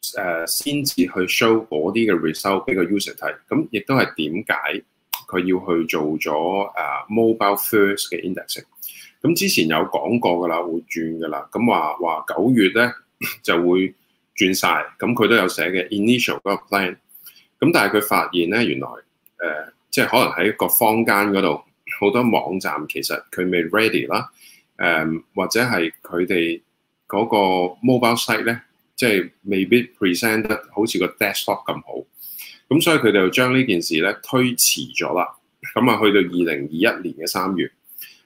先、呃、至去 show 嗰啲嘅 result 俾個 user 睇，咁亦都係點解佢要去做咗、uh, mobile first 嘅 index？咁之前有講過㗎啦，會轉㗎啦，咁話話九月咧就會轉晒，咁佢都有寫嘅 initial 嗰個 plan。咁但係佢發現咧，原來誒即係可能喺個坊間嗰度好多網站其實佢未 ready 啦，誒、呃、或者係佢哋嗰個 mobile site 咧。即係未必 present 得好似個 desktop 咁好，咁所以佢哋就將呢件事咧推遲咗啦。咁啊，去到二零二一年嘅三月，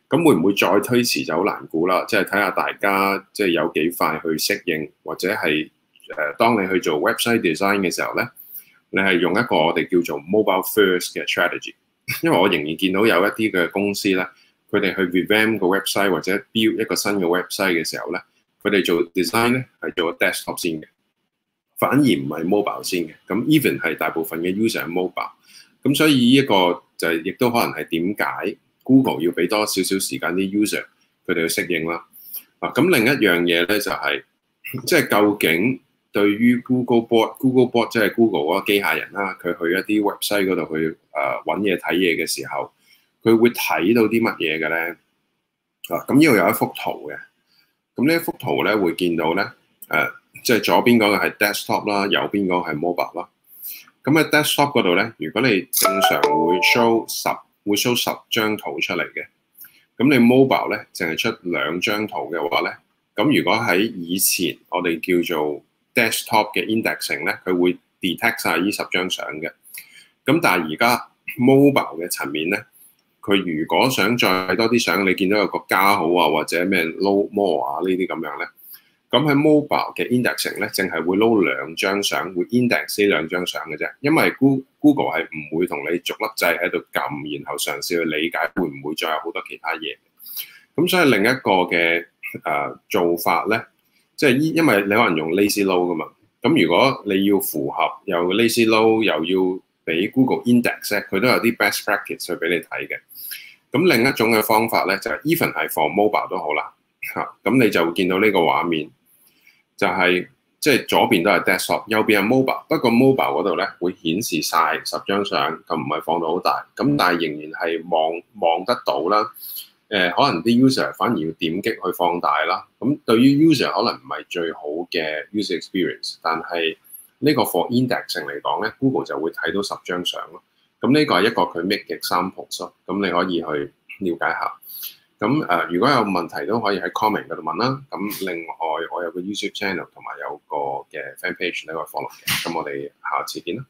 咁會唔會再推遲就好難估啦。即係睇下大家即係有幾快去適應，或者係誒當你去做 website design 嘅時候咧，你係用一個我哋叫做 mobile first 嘅 strategy。因為我仍然見到有一啲嘅公司咧，佢哋去 revamp 個 website 或者 build 一個新嘅 website 嘅時候咧。佢哋做 design 咧，係做 desktop 先嘅，反而唔係 mobile 先嘅。咁 even 係大部分嘅 user 係 mobile。咁所以呢一個就係亦都可能係點解 Google 要俾多少少時間啲 user 佢哋去適應啦。啊，咁另一樣嘢咧就係即係究竟對於 Googlebot，Googlebot 即係 Google 嗰個機械人啦，佢去一啲 website 嗰度去誒揾嘢睇嘢嘅時候，佢會睇到啲乜嘢嘅咧？啊，咁呢度有一幅圖嘅。咁呢一幅圖咧，會見到咧，誒，即係左邊嗰個係 desktop 啦，右邊嗰個係 mobile 啦。咁喺 desktop 嗰度咧，如果你正常會 show 十會 show 十張圖出嚟嘅，咁你 mobile 咧淨係出兩張圖嘅話咧，咁如果喺以前我哋叫做 desktop 嘅 indexing 咧，佢會 detect 晒呢十張相嘅。咁但係而家 mobile 嘅層面咧。佢如果想再多啲相，你見到有個加號啊，或者咩 load more 啊這這呢啲咁樣咧，咁喺 mobile 嘅 indexing 咧，淨係會 load 兩張相，會 index 呢兩張相嘅啫。因為 Google 係唔會同你逐粒掣喺度撳，然後嘗試去理解會唔會再有好多其他嘢。咁所以另一個嘅、呃、做法咧，即、就、係、是、因，因為你可能用 lazy load 噶嘛，咁如果你要符合有 lazy load 又要。俾 Google Index 咧，佢都有啲 best practice 去俾你睇嘅。咁另一種嘅方法咧，就係 even 係放 mobile 都好啦吓，咁你就會見到呢個畫面，就係即係左邊都係 desktop，右邊係 mobile。不過 mobile 嗰度咧會顯示晒十張相，咁唔係放到好大。咁但係仍然係望望得到啦。誒、呃，可能啲 user 反而要點擊去放大啦。咁對於 user 可能唔係最好嘅 user experience，但係。呢、這個 for indexing 嚟講咧，Google 就會睇到十張相咯。咁呢個係一個佢 make 嘅 example 咁，你可以去了解一下。咁誒、呃，如果有問題都可以喺 comment 嗰度問啦。咁另外我有個 YouTube channel 同埋有個嘅 fan page 你可以 follow 嘅。咁我哋下次見啦。